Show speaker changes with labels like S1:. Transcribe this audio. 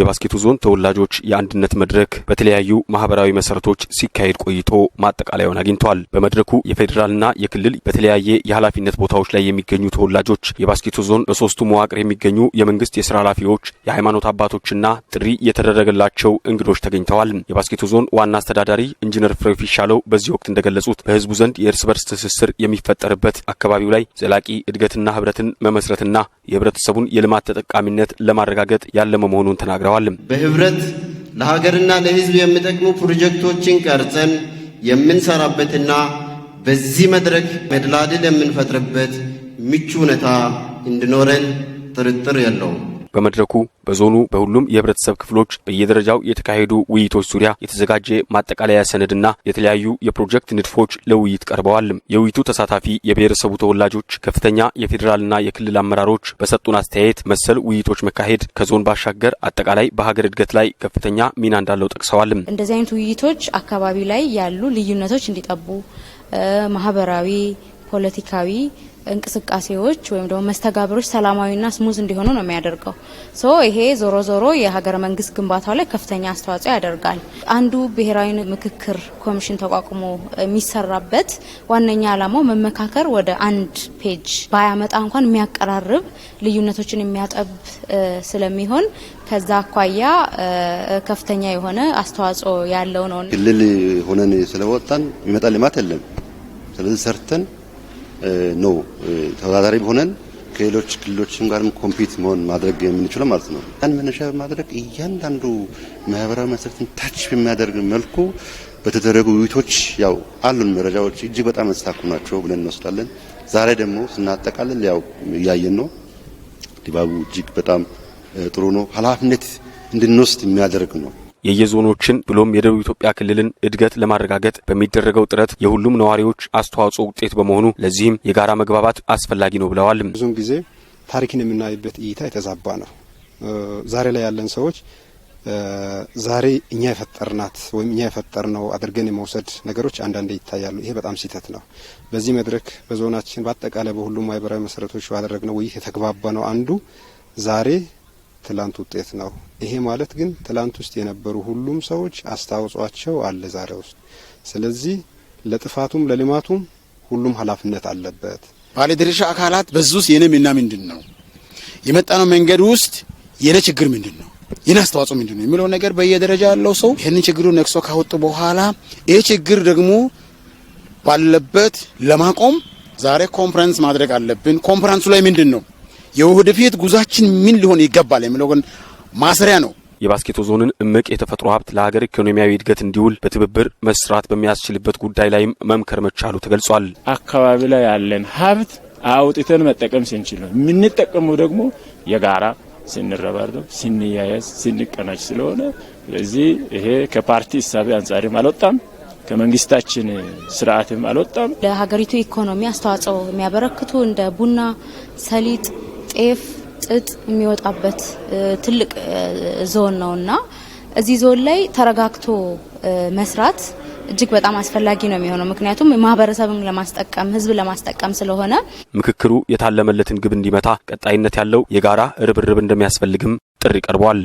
S1: የባስኬቱ ዞን ተወላጆች የአንድነት መድረክ በተለያዩ ማህበራዊ መሰረቶች ሲካሄድ ቆይቶ ማጠቃለያውን አግኝተዋል። በመድረኩ የፌዴራልና የክልል በተለያየ የኃላፊነት ቦታዎች ላይ የሚገኙ ተወላጆች፣ የባስኬቱ ዞን በሶስቱ መዋቅር የሚገኙ የመንግስት የስራ ኃላፊዎች፣ የሃይማኖት አባቶችና ጥሪ የተደረገላቸው እንግዶች ተገኝተዋል። የባስኬቱ ዞን ዋና አስተዳዳሪ ኢንጂነር ፍሬው ፊሻለው በዚህ ወቅት እንደገለጹት በህዝቡ ዘንድ የእርስ በርስ ትስስር የሚፈጠርበት አካባቢው ላይ ዘላቂ እድገትና ህብረትን መመስረትና የህብረተሰቡን የልማት ተጠቃሚነት ለማረጋገጥ ያለመ መሆኑን ተናግረዋል። ተናግረዋል።
S2: በህብረት ለሀገርና ለህዝብ የሚጠቅሙ ፕሮጀክቶችን ቀርጸን የምንሰራበትና በዚህ መድረክ መደላድል የምንፈጥርበት ምቹ ሁኔታ እንዲኖረን ጥርጥር የለውም።
S1: በመድረኩ በዞኑ በሁሉም የህብረተሰብ ክፍሎች በየደረጃው የተካሄዱ ውይይቶች ዙሪያ የተዘጋጀ ማጠቃለያ ሰነድና የተለያዩ የፕሮጀክት ንድፎች ለውይይት ቀርበዋል። የውይይቱ ተሳታፊ የብሔረሰቡ ተወላጆች፣ ከፍተኛ የፌዴራልና የክልል አመራሮች በሰጡን አስተያየት መሰል ውይይቶች መካሄድ ከዞን ባሻገር አጠቃላይ በሀገር እድገት ላይ ከፍተኛ ሚና እንዳለው ጠቅሰዋል።
S3: እንደዚህ አይነት ውይይቶች አካባቢ ላይ ያሉ ልዩነቶች እንዲጠቡ ማህበራዊ ፖለቲካዊ እንቅስቃሴዎች ወይም ደግሞ መስተጋብሮች ሰላማዊና ስሙዝ እንዲሆኑ ነው የሚያደርገው። ሶ ይሄ ዞሮ ዞሮ የሀገረ መንግስት ግንባታው ላይ ከፍተኛ አስተዋጽኦ ያደርጋል። አንዱ ብሔራዊ ምክክር ኮሚሽን ተቋቁሞ የሚሰራበት ዋነኛ ዓላማው መመካከር ወደ አንድ ፔጅ ባያመጣ እንኳን የሚያቀራርብ ልዩነቶችን የሚያጠብ ስለሚሆን ከዛ አኳያ ከፍተኛ የሆነ አስተዋጽኦ ያለው ነው።
S4: ክልል ሆነን ስለወጣን የሚመጣ ልማት የለም። ስለዚህ ሰርተን ነው ተወዳዳሪም ሆነን ከሌሎች ክልሎችም ጋርም ኮምፒት መሆን ማድረግ የምንችለው ማለት ነው። ያን መነሻ በማድረግ እያንዳንዱ ማህበራዊ መሰረትን ታች በሚያደርግ መልኩ በተደረጉ ውይይቶች ያው አሉን መረጃዎች እጅግ በጣም መስታኩ ናቸው ብለን እንወስዳለን። ዛሬ ደግሞ ስናጠቃልል ያው እያየን ነው። ድባቡ እጅግ በጣም ጥሩ ነው። ኃላፊነት እንድንወስድ የሚያደርግ ነው።
S1: የየዞኖችን ብሎም የደቡብ ኢትዮጵያ ክልልን እድገት ለማረጋገጥ በሚደረገው ጥረት የሁሉም ነዋሪዎች አስተዋጽኦ ውጤት በመሆኑ ለዚህም የጋራ መግባባት አስፈላጊ ነው ብለዋል።
S5: ብዙን ጊዜ ታሪክን የምናይበት እይታ የተዛባ ነው። ዛሬ ላይ ያለን ሰዎች ዛሬ እኛ የፈጠርናት ወይም እኛ የፈጠርነው አድርገን የመውሰድ ነገሮች አንዳንዴ ይታያሉ። ይሄ በጣም ስህተት ነው። በዚህ መድረክ በዞናችን በአጠቃላይ በሁሉም ማህበራዊ መሰረቶች ባደረግነው ውይይት የተግባባ ነው አንዱ ዛሬ ትላንት ውጤት ነው። ይሄ ማለት ግን ትላንት ውስጥ የነበሩ ሁሉም ሰዎች አስተዋጽኦአቸው አለ ዛሬ ውስጥ። ስለዚህ ለጥፋቱም ለልማቱም ሁሉም ኃላፊነት አለበት።
S6: ባለድርሻ አካላት በዚህ ውስጥ የኔ ሚና ምንድን ነው፣ የመጣነው መንገድ ውስጥ የነ ችግር ምንድን ነው፣ የኔ አስተዋጽኦ ምንድን ነው የሚለው ነገር በየደረጃ ያለው ሰው ይህንን ችግሩ ነክሶ ካወጡ በኋላ ይህ ችግር ደግሞ ባለበት ለማቆም ዛሬ ኮንፈረንስ ማድረግ አለብን። ኮንፈረንሱ ላይ ምንድን ነው የወደፊት ጉዟችን ምን ሊሆን ይገባል የሚለው ግን ማስሪያ ነው።
S1: የባስኬቶ ዞንን እምቅ የተፈጥሮ ሀብት ለሀገር ኢኮኖሚያዊ እድገት እንዲውል በትብብር መስራት በሚያስችልበት ጉዳይ ላይም መምከር መቻሉ ተገልጿል።
S7: አካባቢ ላይ ያለን ሀብት አውጥተን መጠቀም ስንችል ነው። የምንጠቀመው ደግሞ የጋራ ስንረባረብ፣ ስንያያዝ፣ ስንቀናጅ ስለሆነ ስለዚህ ይሄ ከፓርቲ እሳቤ አንጻርም አልወጣም ከመንግስታችን ስርዓትም አልወጣም።
S3: ለሀገሪቱ ኢኮኖሚ አስተዋጽኦ የሚያበረክቱ እንደ ቡና፣ ሰሊጥ ጤፍ፣ ጥጥ የሚወጣበት ትልቅ ዞን ነው እና እዚህ ዞን ላይ ተረጋግቶ መስራት እጅግ በጣም አስፈላጊ ነው የሚሆነው። ምክንያቱም ማህበረሰብን ለማስጠቀም ህዝብ ለማስጠቀም ስለሆነ
S1: ምክክሩ የታለመለትን ግብ እንዲመታ ቀጣይነት ያለው የጋራ ርብርብ እንደሚያስፈልግም ጥሪ ቀርቧል።